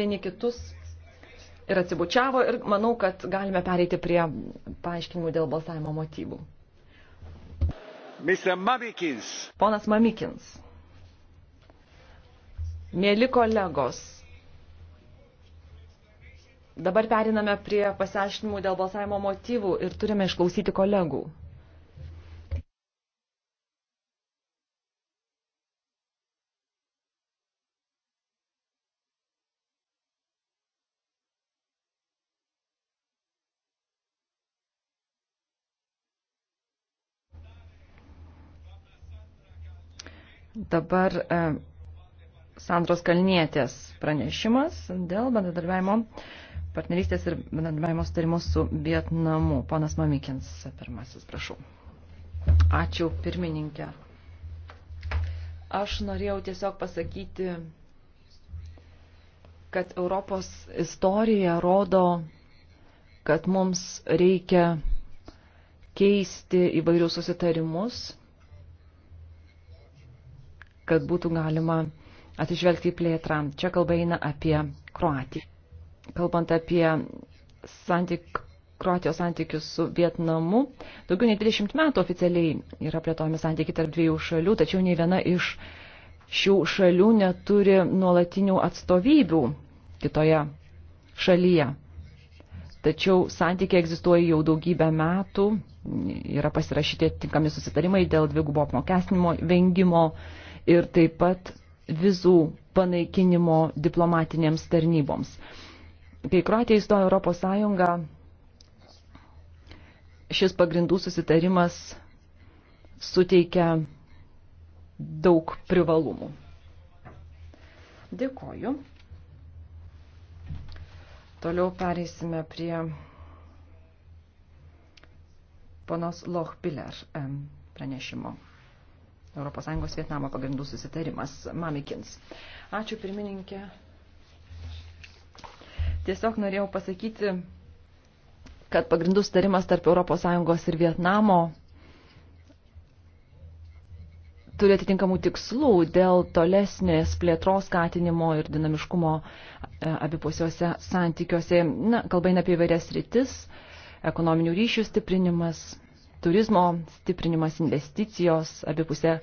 vieni kitus ir atsibučiavo ir manau, kad galime pereiti prie paaiškinimų dėl balsavimo motyvų. Mamikins. Ponas Mamikins. Mėly kolegos, dabar periname prie pasiaiškinimų dėl balsavimo motyvų ir turime išklausyti kolegų. Dabar e, Sandros Kalnietės pranešimas dėl bendradarbiavimo partnerystės ir bendradarbiavimo sutarimo su Vietnamu. Ponas Mamikins pirmasis, prašau. Ačiū pirmininkė. Aš norėjau tiesiog pasakyti, kad Europos istorija rodo, kad mums reikia keisti įvairius susitarimus kad būtų galima atsižvelgti į plėtrą. Čia kalba eina apie Kroatiją. Kalbant apie santyk, Kroatijos santykius su Vietnamu, daugiau nei 20 metų oficialiai yra plėtojami santykiai tarp dviejų šalių, tačiau nei viena iš šių šalių neturi nuolatinių atstovybių kitoje šalyje. Tačiau santykiai egzistuoja jau daugybę metų, yra pasirašyti tinkami susitarimai dėl dvigubo apmokestinimo vengimo, ir taip pat vizų panaikinimo diplomatinėms tarnyboms. Kai Kroatija įstojo Europos Sąjungą, šis pagrindų susitarimas suteikia daug privalumų. Dėkoju. Toliau pereisime prie ponos Lochbiller pranešimo. ES Vietnamo pagrindų susitarimas. Mamikins. Ačiū pirmininkė. Tiesiog norėjau pasakyti, kad pagrindų sutarimas tarp ES ir Vietnamo turi atitinkamų tikslų dėl tolesnės plėtros skatinimo ir dinamiškumo e, abipusiuose santykiuose. Na, kalba eina apie įvairias rytis, ekonominių ryšių stiprinimas, turizmo stiprinimas, investicijos, abipusė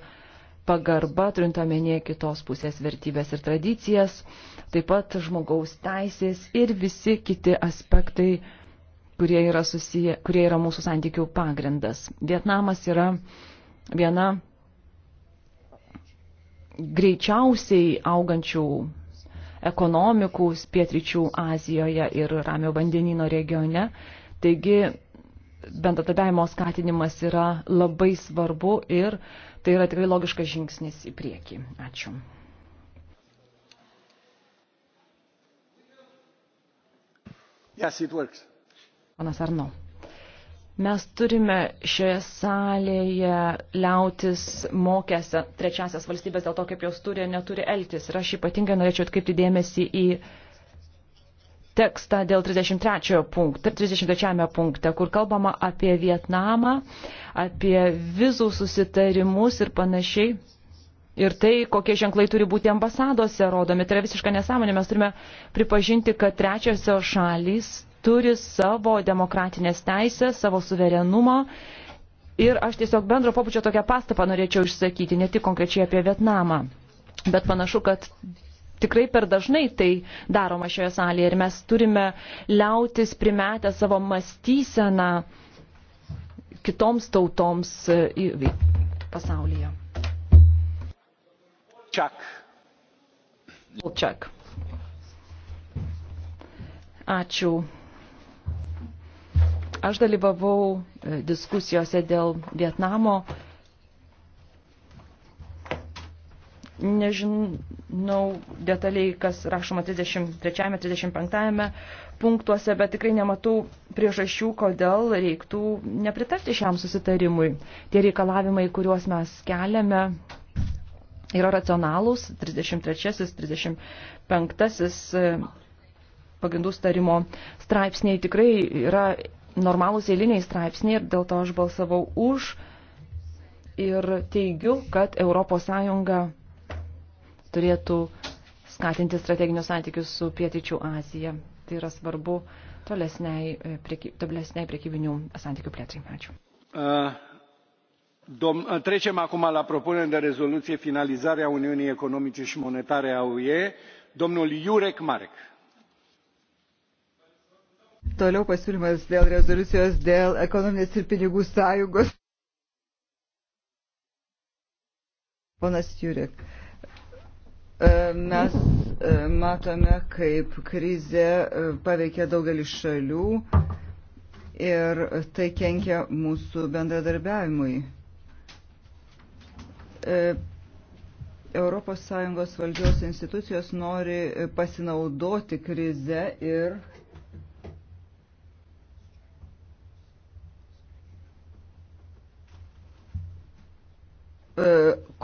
pagarba, turint omenyje kitos pusės vertybės ir tradicijas, taip pat žmogaus teisės ir visi kiti aspektai, kurie yra, susiję, kurie yra mūsų santykių pagrindas. Vietnamas yra viena greičiausiai augančių ekonomikų pietryčių Azijoje ir Ramio vandenino regione. Taigi bendradarbiavimo skatinimas yra labai svarbu ir tai yra tikrai logiškas žingsnis į priekį. Ačiū. Yes, it works. Panas Arno. Mes turime šioje salėje liautis mokęs trečiasias valstybės dėl to, kaip jos turi ir neturi elgtis. Ir aš ypatingai norėčiau atkreipti dėmesį į tekstą dėl 33 punkto, 33 punkte, kur kalbama apie Vietnamą, apie vizų susitarimus ir panašiai. Ir tai, kokie ženklai turi būti ambasadose rodomi, tai yra visiška nesąmonė. Mes turime pripažinti, kad trečiosios šalys turi savo demokratinės teisės, savo suverenumą. Ir aš tiesiog bendro papučio tokią pastabą norėčiau išsakyti, ne tik konkrečiai apie Vietnamą. Bet panašu, kad tikrai per dažnai tai daroma šioje salėje ir mes turime liautis primetę savo mąstyseną kitoms tautoms e, pasaulyje. Čak. Čak. Ačiū. Aš dalyvavau e, diskusijose dėl Vietnamo. Nežinau nežinau detaliai, kas rašoma 33-35 punktuose, bet tikrai nematau priežasčių, kodėl reiktų nepritarti šiam susitarimui. Tie reikalavimai, kuriuos mes keliame, yra racionalūs. 33-35 e, pagrindų starimo straipsniai tikrai yra normalūs eiliniai straipsniai ir dėl to aš balsavau už ir teigiu, kad ES turėtų skatinti strateginius santykius su Pietryčių Azija. Tai yra svarbu tolesniai, e, prieky, tolesniai priekybinių santykių plėtrai. Ačiū. Uh. Dom, e, trecem acum la propunerea de rezoluție finalizarea uniunii economice și monetare a ue domnul jurek marek. toliau pasiūlymas dėl rezoliucijos dėl ekonominės ir pinigų sąjungos. ponas jurek. E, mes e, matome, kaip krizė e, paveikia daugelį šalių ir tai kenkia mūsų bendradarbiavimui. ES valdžios institucijos nori pasinaudoti krizę ir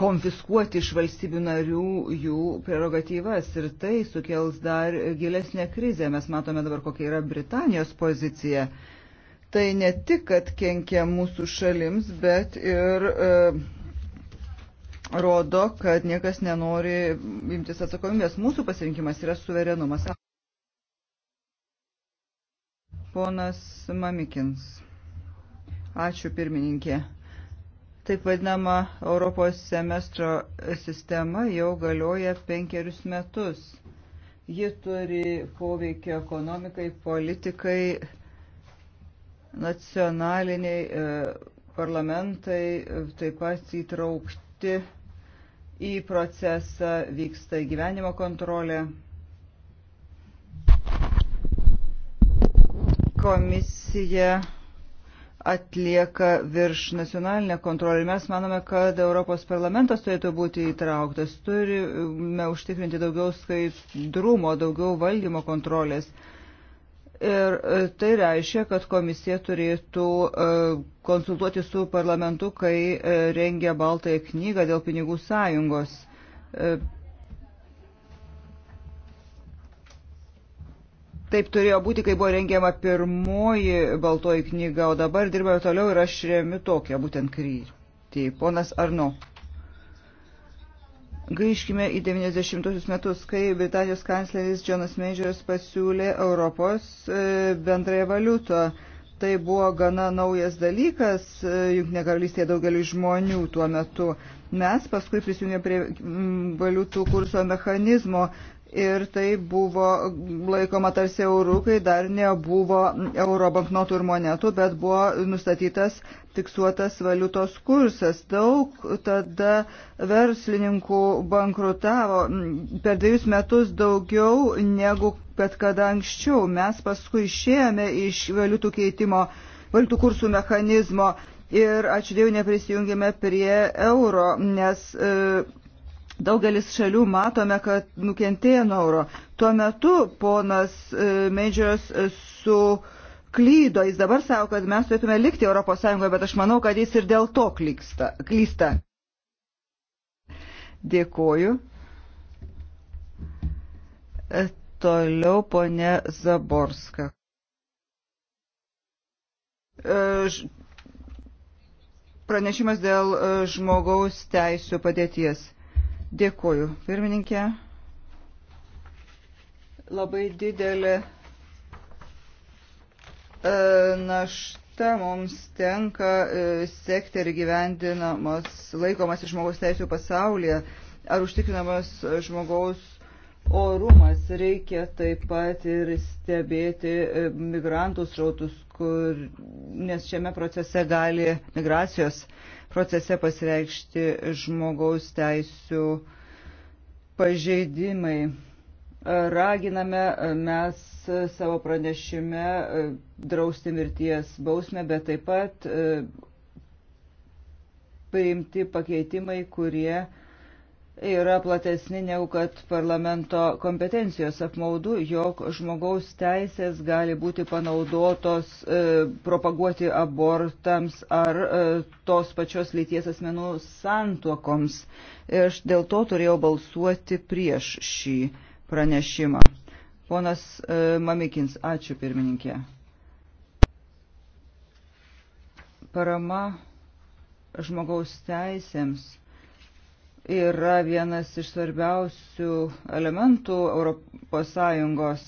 konfiskuoti iš valstybių narių jų prerogatyvas ir tai sukels dar gilesnę krizę. Mes matome dabar, kokia yra Britanijos pozicija. Tai ne tik, kad kenkia mūsų šalims, bet ir e, rodo, kad niekas nenori imtis atsakomybės. Mūsų pasirinkimas yra suverenumas. Ponas Mamikins. Ačiū pirmininkė. Taip vadinama Europos semestro sistema jau galioja penkerius metus. Ji turi poveikį ekonomikai, politikai, nacionaliniai e, parlamentai e, taip pat įtraukti į procesą, vyksta gyvenimo kontrolė. Komisija atlieka virš nacionalinę kontrolę. Ir mes manome, kad Europos parlamentas turėtų būti įtrauktas. Turime užtikrinti daugiau skaidrumo, daugiau valdymo kontrolės. Ir e, tai reiškia, kad komisija turėtų e, konsultuoti su parlamentu, kai e, rengia Baltąją knygą dėl pinigų sąjungos Taip turėjo būti, kai buvo rengiama pirmoji baltoji knyga, o dabar dirbame toliau ir aš remiu tokią būtent kryptį. Ponas Arno. Grįžkime į 90-osius metus, kai Britanijos kancleris Jonas Majoras pasiūlė Europos e, bendrąją valiutą. Tai buvo gana naujas dalykas e, Junktinė karalystėje daugeliu žmonių tuo metu. Mes paskui prisijungėme prie valiutų kurso mechanizmo, ir tai buvo laikoma tarsi eurų, kai dar nebuvo euro banknotų ir monetų, bet buvo nustatytas fiksuotas valiutos kursas. Daug tada verslininkų bankrutavo per dviejus metus daugiau negu bet kada anksčiau. Mes paskui išėjome iš valiutų keitimo, valiutų kursų mechanizmo ir ačiū Dievui neprisijungėme prie euro, nes. E, Daugelis šalių matome, kad nukentėjo nuo euro. Tuo metu ponas e, Medžios su klydo, jis dabar savo, kad mes turėtume likti Europos Sąjungoje, bet aš manau, kad jis ir dėl to klyksta, klysta. Dėkoju. E, toliau ponė Zaborska. E, pranešimas dėl žmogaus teisų padėties. Dėkuoju, pirmininkė. Labai didelė e, našta mums tenka e, sekti ir gyvendinamos laikomas žmogaus teisų pasaulyje. Ar užtikrinamas žmogaus orumas reikia taip pat ir stebėti e, migrantų srautus, kur, nes šiame procese gali migracijos procese pasireikšti žmogaus teisų pažeidimai. Raginame mes savo pranešime e, drausti mirties bausmę, bet taip pat e, priimti pakeitimai, kurie uh, yra platesni negu kad parlamento kompetencijos apmaudu, jog žmogaus teisės gali būti panaudotos e, propaguoti abortams ar e, tos pačios lyties asmenų santuokoms. Ir aš dėl to turėjau balsuoti prieš šį pranešimą. Ponas e, Mamikins, ačiū pirmininkė. Parama žmogaus teisėms yra vienas iš svarbiausių elementų ES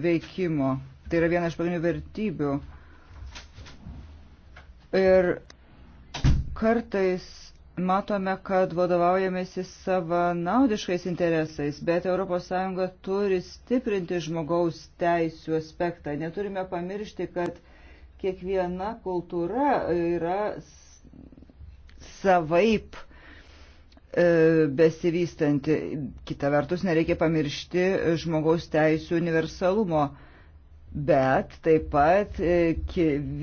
veikimo. Tai yra viena iš pagrindinių vertybių. Ir kartais matome, kad vadovaujamėsi savanaudiškais interesais, bet ES turi stiprinti žmogaus teisų aspektą. Neturime pamiršti, kad kiekviena kultūra yra savaip E, besivystanti. Kita vertus, nereikia pamiršti žmogaus teisų universalumo. Bet taip pat e,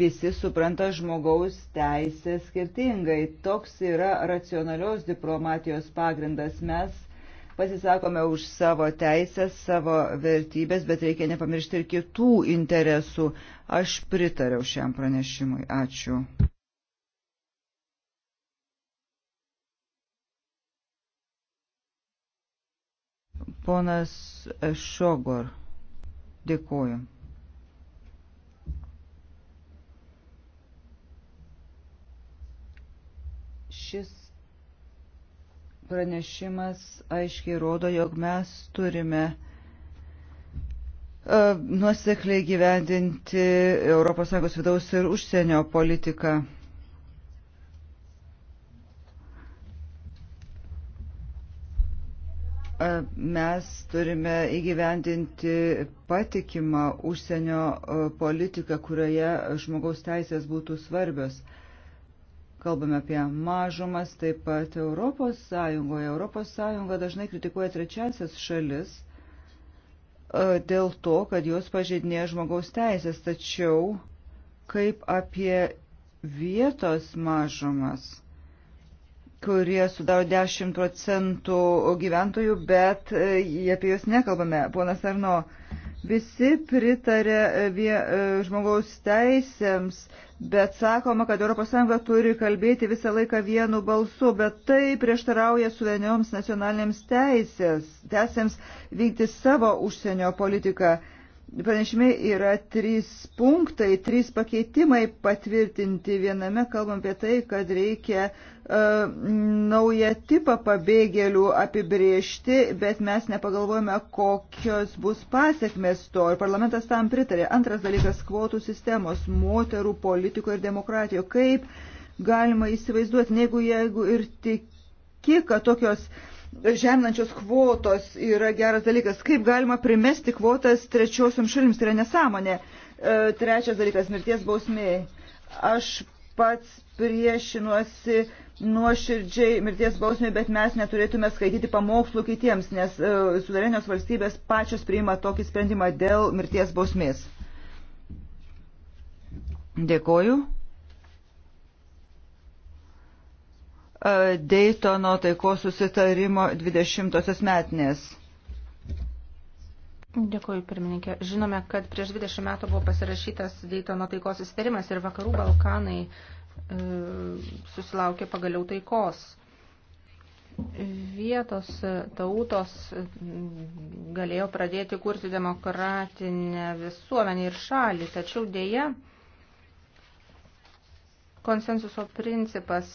visi supranta žmogaus teisę skirtingai. Toks yra racionalios diplomatijos pagrindas. Mes pasisakome už savo teisės, savo vertybės, bet reikia nepamiršti ir kitų interesų. Aš pritariau šiam pranešimui. Ačiū. Ponas Šogor, dėkuoju. Šis pranešimas aiškiai rodo, jog mes turime e, nuosekliai gyvendinti ES vidaus ir užsienio politiką. mes turime įgyvendinti patikimą užsienio politiką, kurioje žmogaus teisės būtų svarbios. Kalbame apie mažumas, taip pat Europos Sąjungoje. Europos Sąjunga dažnai kritikuoja trečiasias šalis dėl to, kad jos pažeidinėja žmogaus teisės, tačiau kaip apie vietos mažumas – kurie sudaro 10 procentų gyventojų, bet e, apie juos nekalbame. Ponas Arno, visi pritarė vie, e, žmogaus teisėms, bet sakoma, kad ES turi kalbėti visą laiką vienu balsu, bet tai prieštarauja suvenioms nacionalinėms teisės, teisėms vykti savo užsienio politiką. Pranešime yra trys punktai, trys pakeitimai patvirtinti. Viename kalbam apie tai, kad reikia uh, naują tipą pabėgėlių apibriežti, bet mes nepagalvojame, kokios bus pasiekmes to. Ir parlamentas tam pritarė. Antras dalykas - kvotų sistemos, moterų politikoje ir demokratijoje. Kaip galima įsivaizduoti, jeigu, jeigu ir tiki, kad tokios uh, žeminančios kvotos yra geras dalykas. Kaip galima primesti kvotas trečiosiam šalims, tai yra nesąmonė. E, trečias dalykas - mirties bausmė. Aš pats priešinuosi nuoširdžiai mirties bausmė, bet mes neturėtume skaityti pamokslų kitiems, nes e, suverenios valstybės pačios priima tokį sprendimą dėl mirties bausmės. Dėkoju. Deitono taiko susitarimo 20-osios metinės. Dėkuoju, pirmininkė. Žinome, kad prieš 20 metų buvo pasirašytas Deitono taikos susitarimas ir vakarų Balkanai e, susilaukė pagaliau taikos. Vietos tautos galėjo pradėti kurti demokratinę visuomenį ir šalį, tačiau dėja konsensuso principas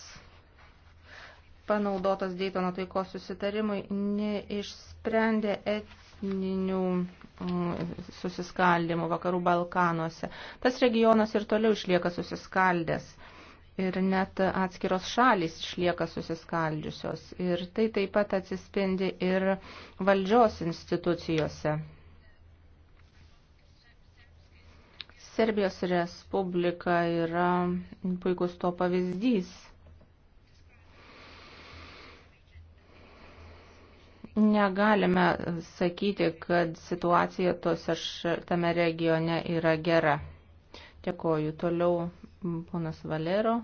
panaudotas Daytono taikos susitarimui, neišsprendė etninių mm, susiskaldimų vakarų Balkanuose. Tas regionas ir toliau išlieka susiskaldęs. Ir net atskiros šalys išlieka susiskaldžiusios. Ir tai taip pat atsispindi ir valdžios institucijose. Serbijos Respublika yra puikus to pavyzdys. Negalime sakyti, kad situacija tose tame regione yra gera. Dėkoju. Toliau ponas Valero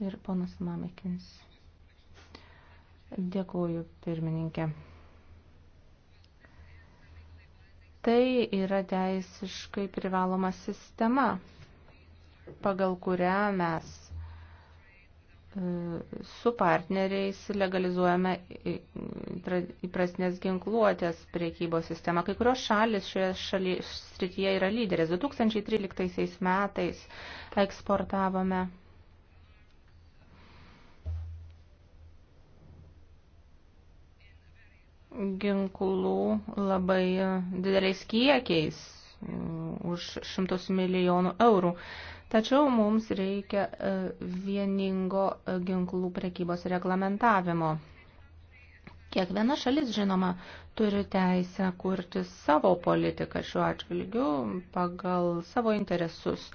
ir ponas Mamekins. Dėkoju, pirmininkė. Tai yra teisiškai privaloma sistema, pagal kurią mes su partneriais legalizuojame įprasnės ginkluotės priekybos sistemą. Kai kurios šalis šioje šaly, srityje yra lyderės. 2013 metais eksportavome ginklų labai dideliais kiekiais už šimtus milijonų eurų. Tačiau mums reikia e, vieningo e, ginklų prekybos reglamentavimo. Kiekviena šalis, žinoma, turi teisę kurti savo politiką šiuo atžvilgiu pagal savo interesus.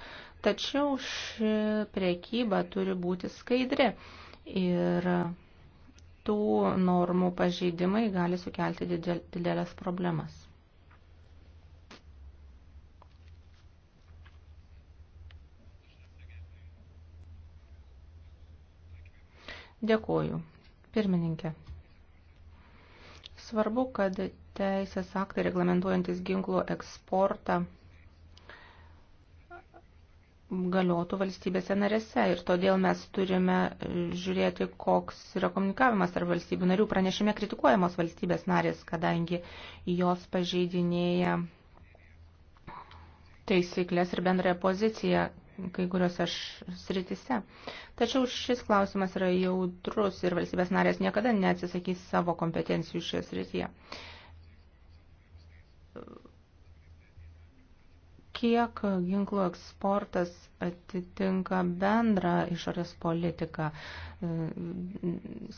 Tačiau ši priekyba turi būti skaidri ir tų normų pažeidimai gali sukelti didelės problemas. Dėkuoju. Pirmininkė. Svarbu, kad teisės aktai reglamentuojantis ginklų eksportą galiotų valstybėse narėse ir todėl mes turime žiūrėti, koks yra komunikavimas tarp valstybių narių. Pranešime kritikuojamos valstybės narės, kadangi jos pažeidinėja taisyklės ir bendrąją poziciją kai kuriuose sritise. Tačiau šis klausimas yra jautrus ir valstybės narės niekada neatsisakys savo kompetencijų šioje srityje. Kiek ginklų eksportas atitinka bendrą išorės politiką?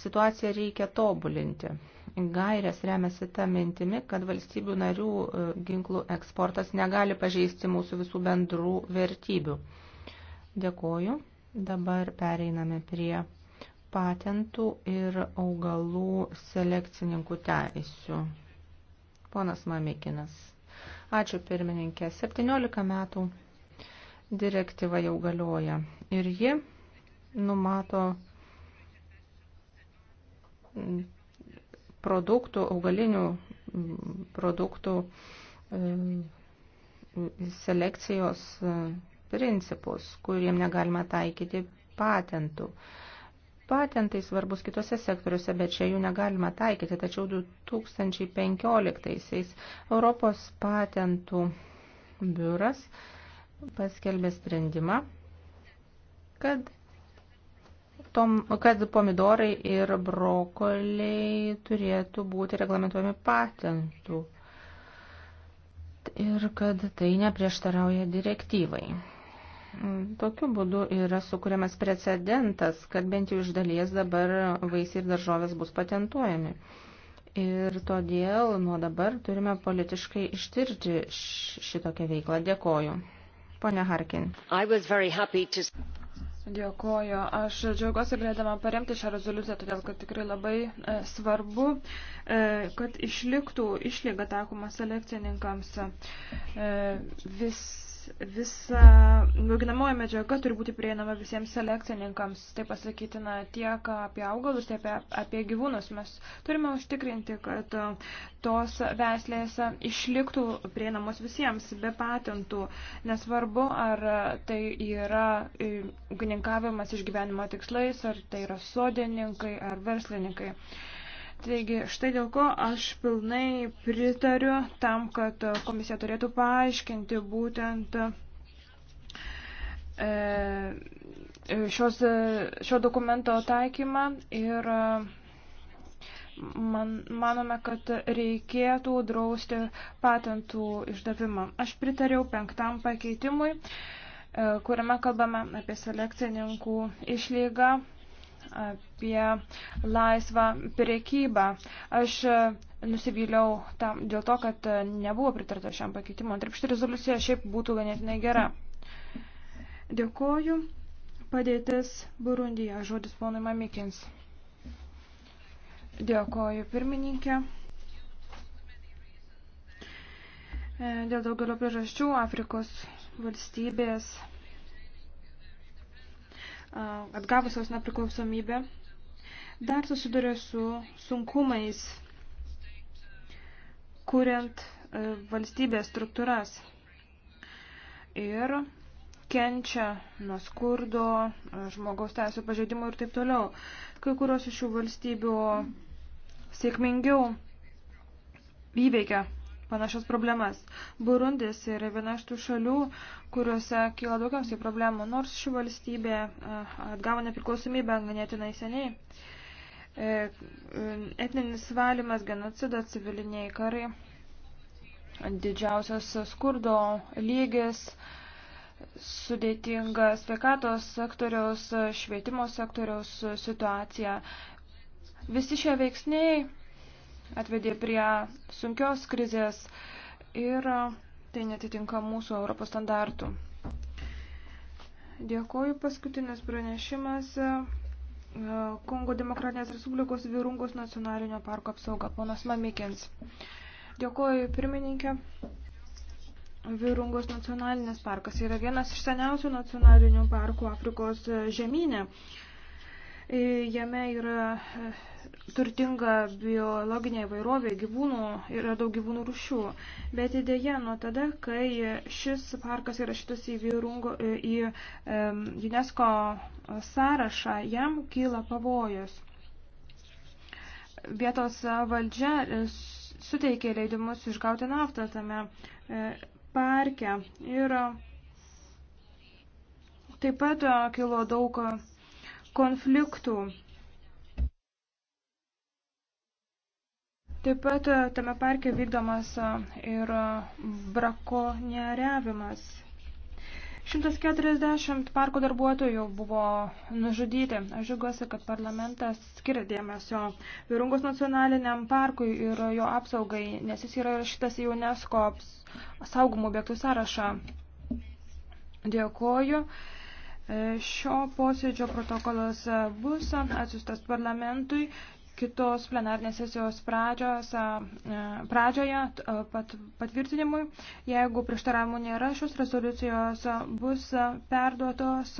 Situaciją reikia tobulinti. Gairės remiasi tą mintimi, kad valstybių narių e, ginklų eksportas negali pažeisti mūsų visų bendrų vertybių. Dėkoju. Dabar pereiname prie patentų ir augalų selekcininkų teisių. Ponas Mamikinas. Ačiū pirmininkė. 17 metų direktyva jau galioja ir ji numato produktų, augalinių produktų e, selekcijos e, principus, kuriem negalima taikyti patentų. Patentai svarbus kitose sektoriuose, bet čia jų negalima taikyti. Tačiau 2015-aisiais Europos patentų biuras paskelbė sprendimą, kad, tom, kad pomidorai ir brokoliai turėtų būti reglamentuojami patentų ir kad tai neprieštarauja direktyvai. Tokiu būdu yra sukūriamas precedentas, kad bent jau iš dalies dabar vaisiai ir daržovės bus patentuojami. Ir todėl nuo dabar turime politiškai ištirti šitokią veiklą. Dėkoju. Pone Harkin. Dėkoju. Aš džiaugiuosi galėdama paremti šią rezoliuciją, todėl kad tikrai labai e, svarbu, e, kad išliktų išlyga taikoma selekcininkams. E, vis visa nuginamoji medžiaga turi būti prieinama visiems selekcininkams. Tai pasakytina tiek apie augalus, tiek apie, apie gyvūnus. Mes turime užtikrinti, kad tos veislės išliktų prieinamos visiems be patentų. Nesvarbu, ar tai yra ugninkavimas išgyvenimo tikslais, ar tai yra sodininkai, ar verslininkai. Taigi, štai dėl ko aš pilnai pritariu tam, kad komisija turėtų paaiškinti būtent e, šios, šio dokumento taikymą ir man, manome, kad reikėtų drausti patentų išdavimą. Aš pritariau penktam pakeitimui, e, kuriame kalbame apie selekcininkų išlygą apie laisvą priekybą. Aš e, nusivyliau tam, dėl to, kad e, nebuvo pritarta šiam pakeitimu. Tarp šitą rezoliuciją šiaip būtų ganėtinai gera. Dėkoju. Padėtis Burundija. Žodis ponui Mamikins. Dėkoju pirmininkė. E, dėl daugelio priežasčių Afrikos valstybės Uh, atgavusios nepriklausomybę, dar susiduria su sunkumais, kuriant uh, valstybės struktūras ir kenčia nuo skurdo, uh, žmogaus teisų pažeidimų ir taip toliau. Kai kurios iš šių valstybių sėkmingiau įveikia panašias problemas. Burundis yra viena iš tų šalių, kuriuose kyla daugiausiai problemų, nors ši valstybė atgavo nepriklausomybę ganėtinai seniai. E, etninis valymas, genocidas, civiliniai karai, didžiausias skurdo lygis, sudėtinga sveikatos sektoriaus, švietimo sektoriaus situacija. Visi šie veiksniai atvedė prie sunkios krizės ir tai netitinka mūsų Europos standartų. Dėkoju paskutinis pranešimas e, Kongo Demokratinės Respublikos Virungos nacionalinio parko apsauga. Ponas Mamikins. Dėkoju pirmininkė. Virungos nacionalinis parkas yra vienas iš seniausių nacionalinių parkų Afrikos žemynė. E, jame yra e, turtinga biologinė įvairovė gyvūnų, yra daug gyvūnų rušių. Bet idėja nuo tada, kai šis parkas įrašytas į, Vyrungo, e, į UNESCO sąrašą, jam kyla pavojus. Vietos valdžia suteikė leidimus išgauti naftą tame parke. Ir taip pat kilo daug konfliktų. Taip pat e, tame parke vykdomas e, ir brakonieriavimas. 140 parko darbuotojų buvo nužudyti. Aš žiūriuosi, kad parlamentas skiria dėmesio Virungos nacionaliniam parkui ir jo apsaugai, nes jis yra šitas UNESCO saugomų objektų sąrašą. Dėkoju. E, šio posėdžio protokolas e, bus atsiustas parlamentui kitos plenarnės sesijos pradžios, e, pradžioje pat, patvirtinimui. Jeigu prieštaravimų nėra, šios rezoliucijos bus perduotos.